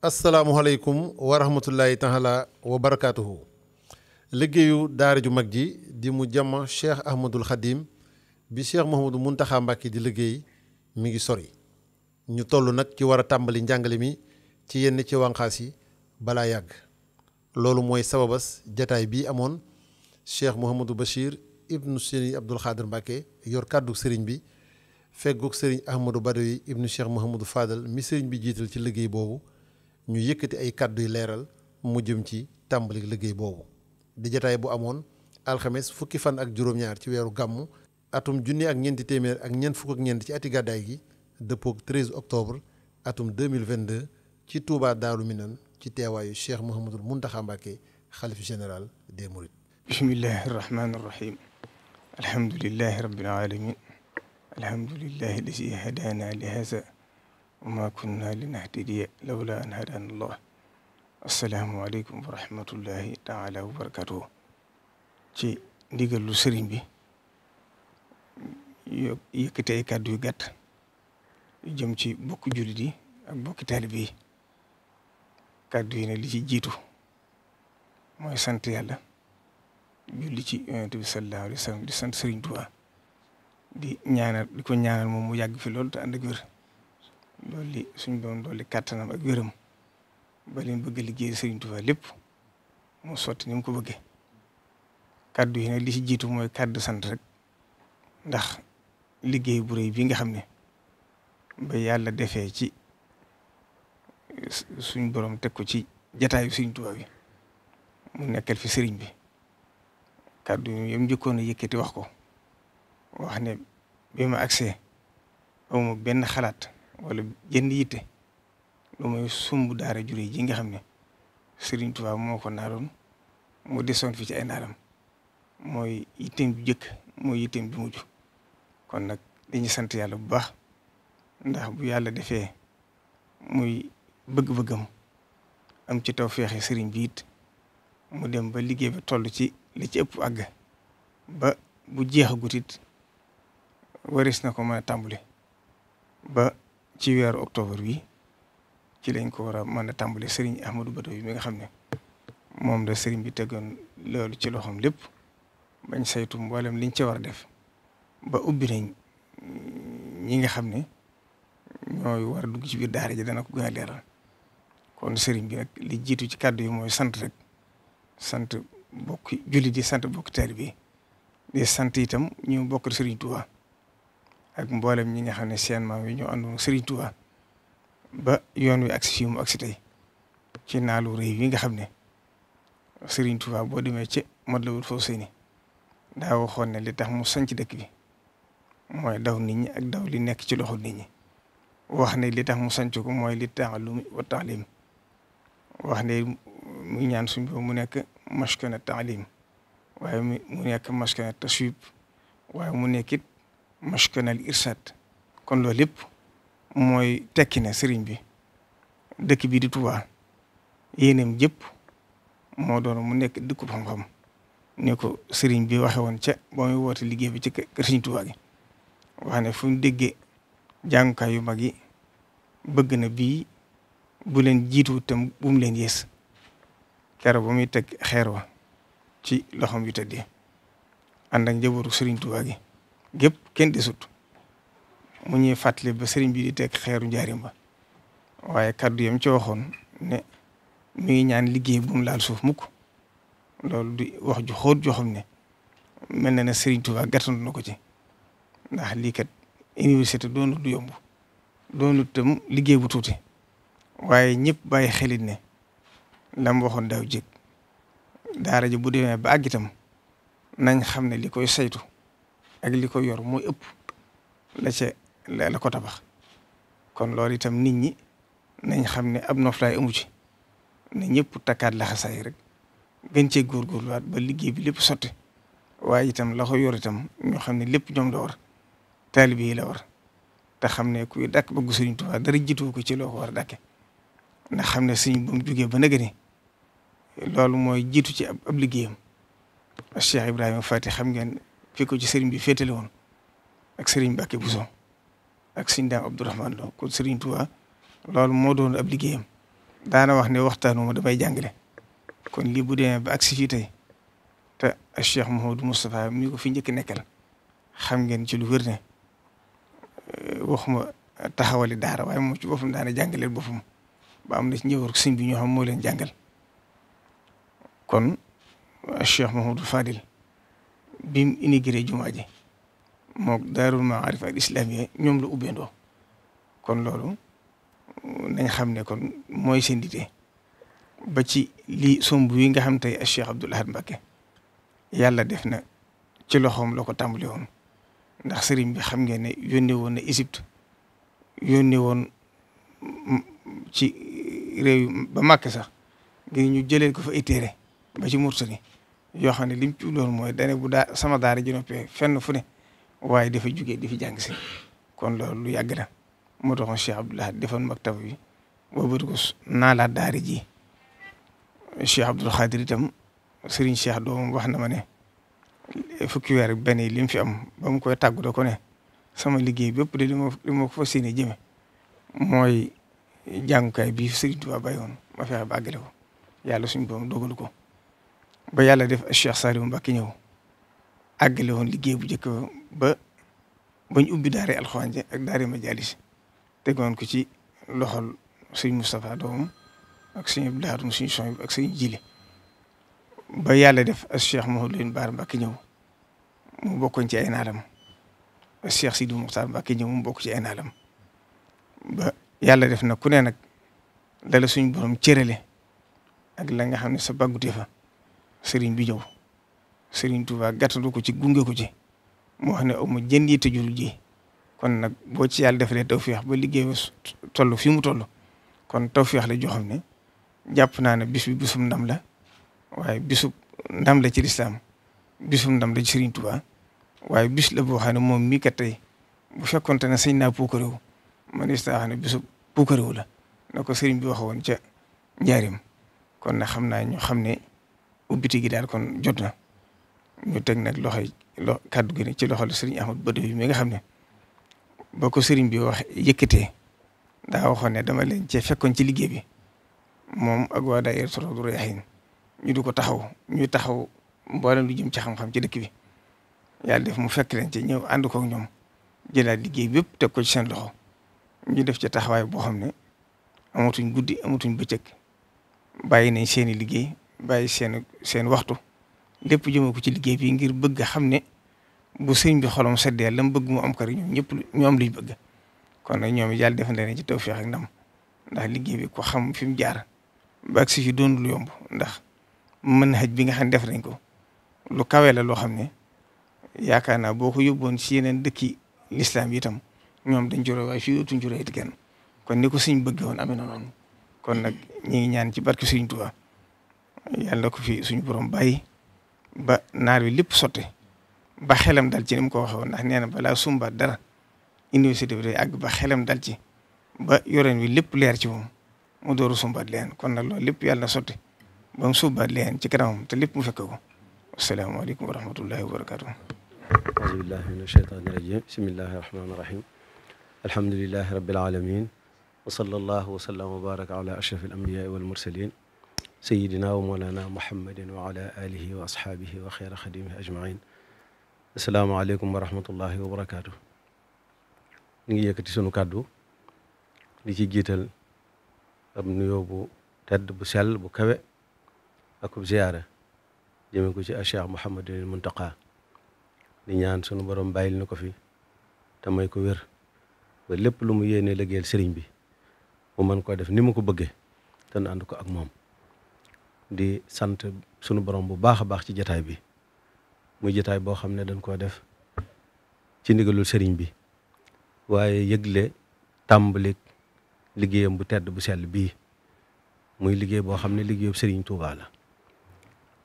asalaamualeykum wa rahmatullahi taala wa barakaatuhu liggéeyu daara ju mag ji di mu jàmm cheikh ahmadul xadim bi cheikh mohamadou muntaxa mbàkke di liggéey mi ngi sori ñu toll nag ci war a tàmbali njàngale mi ci yenn ci wànqaas yi balaa yàgg loolu mooy sababas jataay bii amoon cheikh mohamadou bachir ibnu sëriñ abdul xaadir mbàkke yor kàddu sëriñ bi fegguk sëriñ ahmadou badawi ibnu cheikh mohamadou fadal mi sëriñ bi jiital ci liggéey boobu ñu yëkkati ay kàddu yu leeral mu jëm ci tàmbali liggéey boobu di jataay bu amoon alxames fukki fan ak juróom-ñaar ci weeru gàmmu atum junni ak ñeenti téeméer ak ñeent fukk ak ñeent ci ati gàddaay gi dëppook 13 octobre atum 2022 ci Touba Daaru Minan ci teewaayu Cheikh Mouhamadul Mountakha Mbacké xalif général des Mourides. bismillahi rahmaani rahim alhamdulillahi rabbil alamin alhamdulillahi lazi li haza wa maa kunna linahtadiya lawla an hadaana allah aleykum wa rahmatullahi taala wa barakatuhu ci ndigalu sëriñ bi yëkkati ay kàddu yu gàtt yu jëm ci bokki jullit yi ak yi kàddu yi ne li ci jiitu mooy sant yàlla julli ci yonent bi sallallahu alayhi wa sallam di sant sëriñ Tuubaa di ñaanal di ko ñaanal moom mu yàgg fi loolu te ànd ak dolli suñ borom dolli kàttanam ak wéram ba bëgg liggéey Serigne Touba lépp mu sotti ni mu ko bëggee kàddu yi nag li ci jiitu mooy kàddu sant rek ndax liggéey bu rëy bii nga xam ne ba yàlla defee ci suñ borom teg ko ci jataayu Serigne Touba bi mu nekkal fi sëriñ bi kàddu yi yëpp njëkkoon a yëkkati wax ko wax ne bi ma agsee amu benn xalaat. wala jënd yitte lu mooy sumb daara jure ji nga xam ne sëriñ Touba moo ko naaroon mu desoon fi ci ay naaram mooy yitteem bi jëkk mooy yitteem bi mujj kon nag dañuy sant yàlla bu baax ndax bu yàlla defee muy bëgg-bëggam am ci taw feexe sëriñ bi it mu dem ba liggéey ba toll ci li ci ëpp àgg ba bu jeexagut it waris na ko mën a tàmbali ba ci weeru octobre bi ci lañ ko war a mën a tàmbali Serigne Ahmadou Bado yi mi nga xam ne moom da Serigne bi teggoon loolu ci loxoom lépp bañ saytu mboolem liñ ci war a def ba ubbi nañ ñi nga xam ne ñooy war a dugg ci biir daara ji dana ko gën a leeral kon sëriñ bi nag li jiitu ci kàddu yi mooy sant rek sant bokk julli di sant bokk taalibe bi di sant itam ñu bokk Serigne Touba. ak mboolem ñi nga xam ne seen maam yi ñoo àndoon Serigne Touba ba yoon wi agsi fii mu agsi tey ci naalu réew yi nga xam ne Serigne Touba boo demee ci Matlabul Fawzayni daa waxoon ne li tax mu sanc dëkk bi mooy daw nit ñi ak daw li nekk ci loxo nit ñi wax ne li tax mu sanc ko mooy li taalum wa taalim wax ne mu ñaan suñ bo mu nekk maskana taalim waaye mu nekk maskana taswib mu nekkit mashkanal irshad kon loolu lépp mooy tekki ne sëriñ bi dëkk bii di Touba yéeneem jëpp moo doon mu nekk dëkku xam-xam ne ko sëriñ bi waxe woon ca ba muy woote liggéey bi ci kër sëriñ Touba gi wax fu ñu déggee jàngukaay yu mag yi bëgg na bii buleen leen jiitu tam bu mu leen yées keroog ba muy teg xeer wa ci loxoom yu tëddee ànd ak njabootu sëriñ Touba gi gépp kenn desut mu ñuy fàttali ba sëriñ bi di teg xeeru njaarim waaye kàddu yam ci waxoon ne muy ñaan liggéey bu laal suuf mukk loolu di wax ju xóot joo ne mel na ne sëriñ Tuubaa gàttandu na ko ci ndax lii kat université doonu du yomb doonu tam liggéey bu tuuti waaye ñëpp bàyyi xelit ne la waxoon daaw jég daara ji bu demee ba àgg itam nañ xam ne li koy saytu ak li ko yor mooy ëpp la ca la ko tabax kon loolu itam nit ñi nañ xam ne ab noflaay amu ci ne ñëpp takkaat la xasaay rek gën cee góorgóorluwaat ba liggéey bi lépp sotti waaye itam la yor itam ñoo xam ne lépp ñom la war taalibe la war te xam ne kuy dàkk bëgg Sëriñ Tuubaa dara jiitu ko ci loo ko war a dàkke xam ne sëriñ bu mu ba nag ni loolu mooy jiitu ci ab ab liggéeyam Cheikh Ibrahima Fati xam ngeen. ki ko ci sëriñ bi féetale woon ak sëriñ Mbacke Bousso ak sëriñ Daam Abdourahmane kon sëriñ Touba loolu moo doon ab liggéeyam daana wax ne waxtaanu ma damay jàngale kon lii bu demee ba agsi fii tey te Cheikh Mouhamadou Moustapha ko fi njëkk nekkal xam ngeen ci lu wér ne eh, waxuma taxawali daara waaye moom ci boppam daana jàngaleel boppam ba am na ci ñëwar sëñ bi ñoo xam moo leen jàngal kon Cheikh Mouhamadou bi mu inauguré jumaa ji mook daarul maarif al islamiya ñoom la ubbeendoo kon loolu nañ xam ne kon mooy seen dite ba ci lii somb yi nga xam tey Cheikh Abdoul Ahad Mbacké yàlla def na ci loxoom la ko tàmbali woon ndax sëriñ bi xam ngeen ne yónnee woon na Égypte yónnee woon ci réew ba Màkka sax ngir ñu jëlee ko fa ay téere ba ci Mauritanie yoo xam ne lim ci mooy dane bu daa sama daara ji noppee fenn fu ne waaye dafa jugee di fi si kon loolu lu yàgg na moo taxoon Cheikh Abdoulaye defoon maktab bi boo bëgg ko naa laa daara ji Cheikh Abdoul Khadir itam Serigne Cheikh doomam wax na ma ne fukki weer ak benn lim fi am ba mu koy tàggu ko ne sama liggéey bépp de li ma li ma ko fas yéene mooy jàngukaay bi Serigne Touba bàyyi woon ma fexe ba àggale ko yàlla suñu doom dogal ko. ba yàlla def Cheikh Saliou Mbacké ñëw àggale woon liggéey bu njëkk ba bañ ubbi daare alxuraan ji ak daare majalis tegoon ko ci loxol sëñ Moustapha doomam ak sëñ Abdoulaye suñu son ak sëñ Jili ba yàlla def as Cheikh Mouhamadou Lamine Bara ñëw mu bokkoon ci ay naalam ñëw mu bokk ci ay ba yàlla def na ku ne nag dala suñu borom cërale ak la nga xam ne sa bàggute fa sëriñ bi ñëw sëriñ Touba gàttalu ko ci gunge ko ci moo xam ne aw ma jënd yi tëjul ji kon nag boo ci yàlla taw tawféex ba liggéey ba toll fi mu toll kon tawféex la joxam ne jàpp naa ne bisu bisum ndam la waaye bisub ndam la ci lislaam bisum ndam la ci sëriñ waaye bis la boo xam ne moom mii kat bu fekkonte ne sëñ naa puukarewu man istaa xam ne bisub puukarewu la na ko sëriñ bi wax waxoon ca njaarim kon na xam naa ñu xam ne. ubbite gi daal kon jot na ñu teg nag loxo lo kàddu gi ci loxo la sëriñ Ahmad Badawi mi nga xam ne boo ko sëriñ bi wax yëkkatee daa waxoon ne dama leen cee fekkoon ci liggéey bi moom ak waa daayira Rawdu Rayaahiin ñu du ko taxaw ñuy taxaw mboolem lu jëm ci xam-xam ci dëkk bi yàlla def mu fekk leen ci ñëw ànd kook ñoom jëlaat liggéey bi yëpp teg ko ci seen loxo ñu def ci taxawaay boo xam ne amatuñ guddi amatuñ bëccëg bàyyi nañ seeni liggéey. bàyyi seen seen waxtu lépp jëmee ko ci liggéey bi ngir bëgg xam ne bu sëñ bi xolam seddee la mu bëgg mu am kër ñëpp ñu am luñ bëgg kon nag ñoom yàlla def na ci tawfeex ak ndam ndax liggéey bi ko xam fi mu jaar ba agsi fi doon lu yomb ndax mën xaj bi nga xam ne nañ ko lu kawe la loo xam ne yaakaar naa boo ko yóbboon ci yeneen dëkki lislaam yi itam ñoom dañ jure waaye fii dootuñ jure kon ni ko suñ bëgg woon amee na kon nag ñi ngi ñaan ci barke Sëriñ Tuubaa yàlla na ko fi suñu borom bàyyi ba naar wi lépp sotte ba xelam dal ci ni ko waxee woon ndax nee na balaa sumbaat dara université bi day àgg ba xelam dal ci ba yore wi lépp leer ci moom mu dooru sumbaat leen kon nag loolu lépp yàlla na sotti ba mu sumbaat leen ci kanamam te lépp mu fekk ko asalaamaaleykum wa rahmatullahi wa barakaatu. aouzu billahi min ashaytaani rajim bismillahi rahmaani rahim alhamdulilahi rabbil alamin wa sallallahu wa sallam wa baraka ala ashraf al sayidina wa moolana muhammadin wa ala alihi wa ashaabihi wa xeera xadimihi ajmain asalaamaaleykum wa rahmatullahi wa barakaatu ñu ngi yëkkati sunu kàddu di ci jiital ab nuyoo bu tedd bu sel bu kawe akub ziyaara jëme ko ci Cheikh Mouhamadul Muntaqa di ñaan sunu borom bàyyil na ko fi te may ko wér ba lépp lu mu yéene liggéeyal sëriñ bi mu mën koo def ni mu ko bëggee te ànd ko ak moom di sant sunu borom bu baax a baax ci jataay bi muy jataay boo xam ne dañ koo def ci ndigalul sëriñ bi waaye yëgle tàmbali liggéeyam bu tedd bu sell bii muy liggéey boo xam ne liggéey bu sëriñ Touba la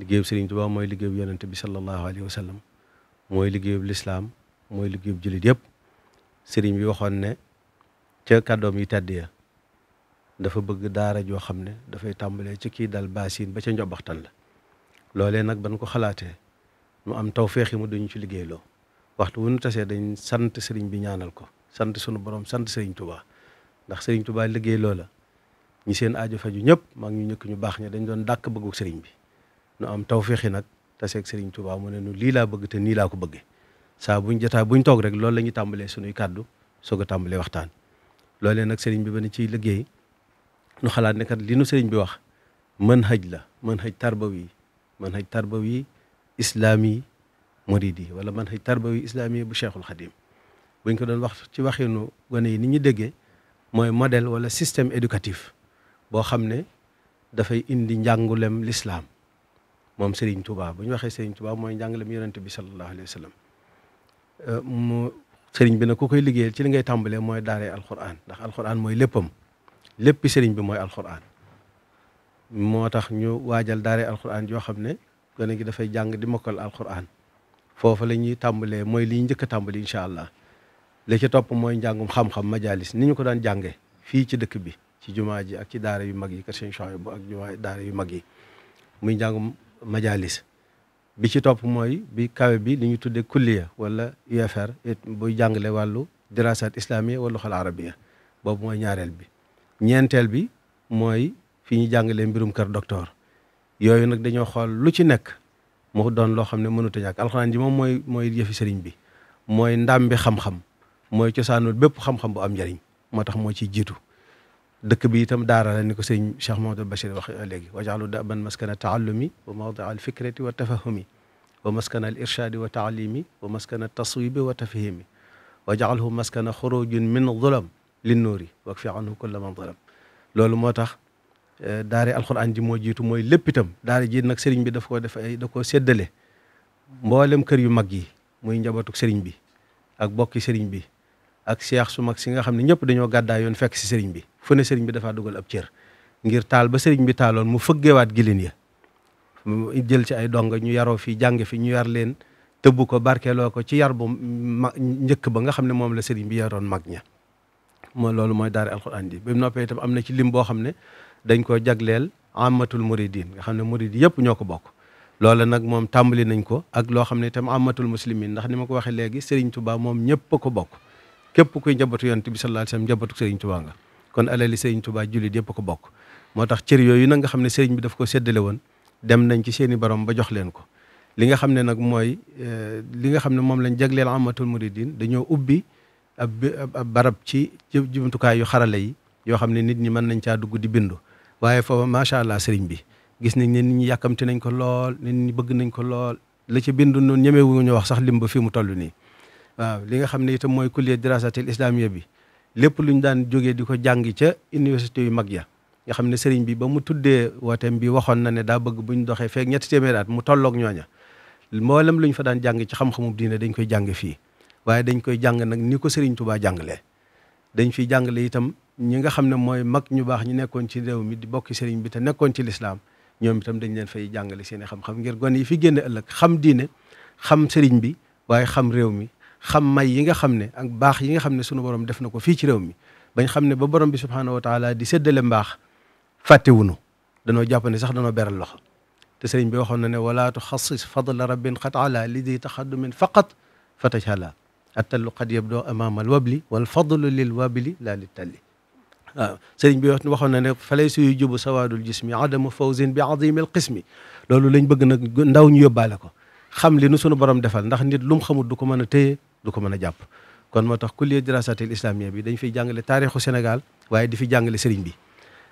liggéeyub sëriñ Touba mooy liggéeyub yonente bi sallallahu alayhi wa sallam mooy liggéeyub lislaam mooy liggéey bu jullit yëpp sëriñ bi waxoon ne ca kàddoom yi tedd ya dafa bëgg daara joo xam ne dafay tàmbalee ci kii dal baasin ba ca njobaxtan la loolee nag ban ko xalaatee mu am taw feexi mu duñu ci liggéeyloo waxtu wu ñu tasee dañ sant sëriñ bi ñaanal ko sant sunu borom sant sëriñ tubaa ndax sëriñ tubaa liggéey loo la ñi seen aajo faju ñëpp maa ngi ñu ñëkk ñu baax ñe dañ doon dàkk bëggu sëriñ bi nu am taw feexi nag taseeg sëriñ tubaa mu ne nu lii laa bëgg te nii laa ko bëgge saa buñ jotaa buñ toog rek loolu la ñuy tàmbalee sunuy kàddu soog tàmbalee waxtaan loolee nag sëriñ bi ba ciy liggéey nu xalaat ne kat li nu sëriñ bi wax mën xëj la mën xëj tarbawi mën xëj tarbawi islaami muridi wala mën xëj tarbawi islaami bu cheikhul xadim buñ ko doon wax ci waxinu gone yi ni ñu déggee mooy modèle wala système éducatif boo xam ne dafay indi njàngulem lislaam moom sëriñ tubaab bu ñu waxee Serigne Touba mooy njàngalem yonent bi sallallahu alayhi wa sallam euh, bi nag ku koy liggéeyal ci li ngay tàmbalee mooy daaree alquran ndax alquran mooy léppam lépp sëriñ bi mooy alxuraan moo tax ñu waajal daare alxuraan yoo xam ne gone gi dafay jàng di mokkal alxuraan foofu la ñuy tàmbalee mooy li njëkk a tàmbali incha allah li ci topp mooy njàngum xam-xam majalis ni ñu ko daan jànge fii ci dëkk bi ci jumaa ji ak ci daara yu mag yi kër sëñ Chouaïb bu ak jumaa daara yu mag yi muy njàngum majalis bi ci topp mooy bi kawe bi li ñu tuddee kulliya wala UFR buy jàngale wàllu dirasat islamiya wala xal arabiya boobu mooy ñaareel bi ñeenteel bi mooy fi ñu jàngalee mbirum kër docteur yooyu nag dañoo xool lu ci nekk mu doon loo xam ne mënut a alxuraan ji moom mooy mooy jëfi sëriñ bi mooy ndam bi xam-xam mooy cosaanul bépp xam-xam bu am njariñ moo tax moo ciy jiitu dëkk bi itam daara la ni ko sëñ Cheikh Mahamadul Bachir wax léegi wajaalu daban maskana taallumi wa mawdia al fikrati wa tafahumi wa maskana al irshadi wa taalimi wa maskana taswibi wa tafhimi wajaalhu maskana xurujin min linnuuri wakfi anhu kulla man zalam loolu moo tax eh, daare alxuraan ji moo jiitu mooy lépp itam daare ji nag sëriñ bi daf koo def ay da koo séddale mboolem kër yu mag yi muy njabootu sëriñ bi ak bokki sëriñ bi ak seex su mag si nga xam ne ñëpp dañoo gàddaa yoon fekk si sëriñ bi fu ne sëriñ bi dafa dugal ab cër ngir taal ba sëriñ bi taaloon mu fëggeewaat gilin ya jël ci ay donga ñu yaroo fi jàng fi ñu yar leen tëbb ko barkeeloo ko ci yar bu njëkk ba xam ne moom la sëriñ bi mag ña moo loolu mooy daara alxuraan ji bi mu noppee tam am na ci lim boo xam ne dañ ko jagleel amatul muridin nga xam ne murid yëpp ñoo ko bokk loola nag moom tàmbali nañ ko ak loo xam ne itam amatul muslimin ndax ni ma ko waxee léegi Serigne Touba moom ñëpp a ko bokk képp kuy njabootu yonent bi sallallahu alayhi wasallam njabootu Serigne Touba nga kon alali Serigne Touba jullit yëpp a ko bokk moo tax cër yooyu nag nga ne Serigne bi daf ko séddale woon dem nañ ci seeni borom ba jox leen ko li nga xam ne nag mooy eh, li nga xam ne moom lañ jagleel amatul muridin dañoo ubbi ab barab ci jumtukaay yu xarala yi yoo xam ne nit ñi mën nañ caa dugg di bindu waaye foofa macha allah sëriñ bi gis nañ ne nit ñu yàkkamti nañ ko lool nit ñi bëgg nañ ko lool la ci bindu noonu ñemewu ñu wax sax lim ba fi mu toll nii waaw li nga xam ne itam mooy kulliyat dirasatil islamiyya bi lépp lu ñu daan jógee di ko jàng ca université yu mag ya nga xam ne sëriñ bi ba mu tuddee wooteem bi waxoon na ne daa bëgg bu ñu doxee feek ñetti téeméeri at mu tolloog ñooña mboolem lu ñu fa daan jàng ci xam-xamub diine dañ koy jàng fii waaye dañ koy jàng nag ni ko Serigne Touba jàngalee dañ fiy jàngale itam ñi nga xam ne mooy mag ñu baax ñu nekkoon ci réew mi di bokki Serigne bi te nekkoon ci lislaam ñoom itam dañ leen fay jàngale seen xam-xam ngir gone yi fi génn ëllëg xam diine xam Serigne bi waaye xam réew mi xam may yi nga xam ne ak baax yi nga xam ne sunu borom def na ko fii ci réew mi bañ xam ne ba borom bi subhaanahu wa taala di séddale mbaax fàttewunu danoo jàpp ne sax danoo beral loxo te sëriñ bi waxoon na ne wala tuxasis fadla rabbin xat ala li di taxaddumin faqat fatajhala attallu qad yabdoo amaamal wabli wal fadlu lil wabli laa li talli waaw sëriñ bi wax waxoon na ne falay suyu jubu sawaadul jismi adamu fawzin bi azimil qismi loolu lañ bëgg nag ndaw ñu yóbbaale ko xam li nu sunu borom defal ndax nit lu mu xamul du ko mën a téye du ko mën a jàpp kon moo tax kulliya dirasatil islamiyya bi dañ fiy jàngale taarixu Sénégal waaye di fi jàngale sëriñ bi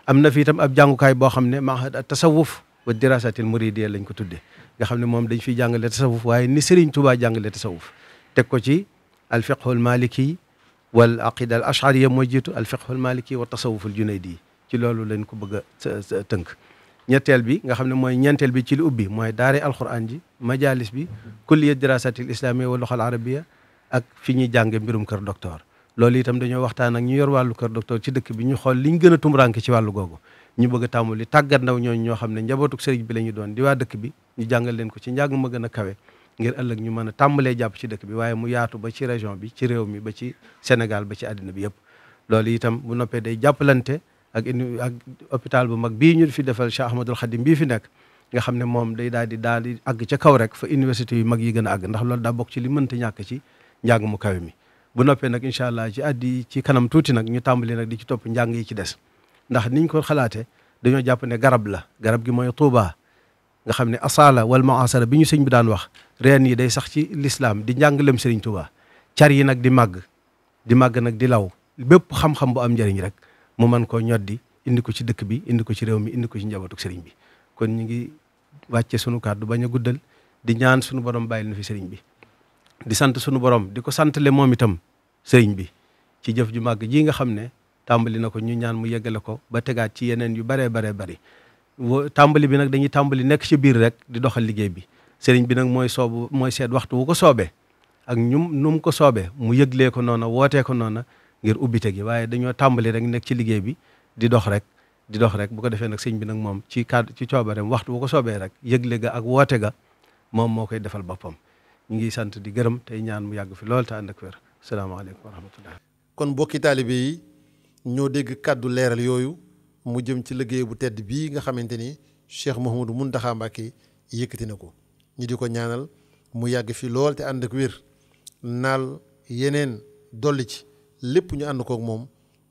am na fi itam ab jàngukaay boo xam ne mahad tasawuf wa dirasatil muridiyya lañ ko tudde nga xam ne moom dañ fiy jàngale tasawuf waaye ni sëriñ Tuubaa jàngale tasawuf teg ko ci alfiqhul maliki wal aqida al ashariya mooy jiitu alfiqhul maliki wa tasawuful junaydi ci loolu lañ ko bëgg a tënk ñetteel bi nga xam ne mooy ñeenteel bi ci li ubbi mooy daare alquran ji majalis bi kulliya dirasatil islamiyya wal luxal arabiyya ak fi ñuy jànge mbirum kër docteur loolu itam dañoo waxtaan ak ñu yor wàllu kër docteur ci dëkk bi ñu xool li liñ gën a tumranke ci wàllu googu ñu bëgg a tàmbali tàggat ndaw ñooñu ñoo xam ne njabootuk sëriñ bi la ñu doon di dëkk bi ñu jàngal leen ko ci njàng ma gën a kawe ngir ëllëg ñu mën a tàmbalee jàpp ci dëkk bi waaye mu yaatu ba ci région bi ci réew mi ba ci Sénégal ba ci àddina bi yëpp loolu itam bu noppee day jàppalante ak indi ak hôpital bu mag bii ñu fi defal Cheikh Ahmadul Khadim bii fi nekk nga xam ne moom day daal di daal di àgg ca kaw rek fa université yu mag yi gën a àgg ndax loolu daa bokk ci li mënta ñàkk ci njàng mu kawe mi bu noppee nag incha allah ci addi ci kanam tuuti nag ñu tàmbali nag di ci topp njàng yi ci des ndax niñ ko xalaatee dañoo jàpp ne garab la garab gi mooy Touba nga xam ne asaala wal muasara bi ñu sëñ bi daan wax reen yi day sax ci lislaam di njàngalem sëriñ Tuubaa car yi nag di màgg di màgg nag di law bépp xam-xam bu am njëriñ rek mu mën koo ñoddi indi ko ci dëkk bi indi ko ci réew mi indi ko ci njabootuk sëriñ bi kon ñu ngi wàcce sunu kàddu bañ a guddal di ñaan sunu borom bàyyil nu fi sëriñ bi di sant sunu borom di ko santale moom itam sëriñ bi ci jëf ju màgg ji nga xam ne tàmbali na ko ñu ñaan mu yeggale ko ba tegaat ci yeneen yu baree baree bari tàmbali bi nag dañuy tàmbali nekk ci biir rek di doxal liggéey bi sëriñ bi nag mooy soobu mooy seet waxtu wu ko soobee ak ñum nu mu ko soobee mu yëglee ko noona wootee ko noona ngir ubbite gi waaye dañoo tàmbali rek nekk ci liggéey bi di dox rek di dox rek bu ko defee nag sëñ bi nag moom ci cadre ci coobareem waxtu wu ko soobee rek yëgle ga ak woote ga moom moo koy defal boppam ngi sant di gërëm tey ñaan mu yàgg fi lool te ànd ak wér salaamaaleykum wa rahmatullah kon mbokki taalibe ñoo dégg kàddu leeral yooyu mu jëm ci liggéey bu tedd bii nga xamante ni Cheikh Mouhamadou Mountakha Mbacké yëkkati na ko ñu di ko ñaanal mu yàgg fi lool te ànd ak wér naal yeneen dolli ci lépp ñu ànd kook moom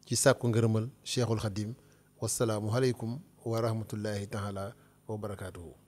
ci sàkku ngërëmal Cheikhul Khadim wasalaamualeykum wa rahmatullahi taala wa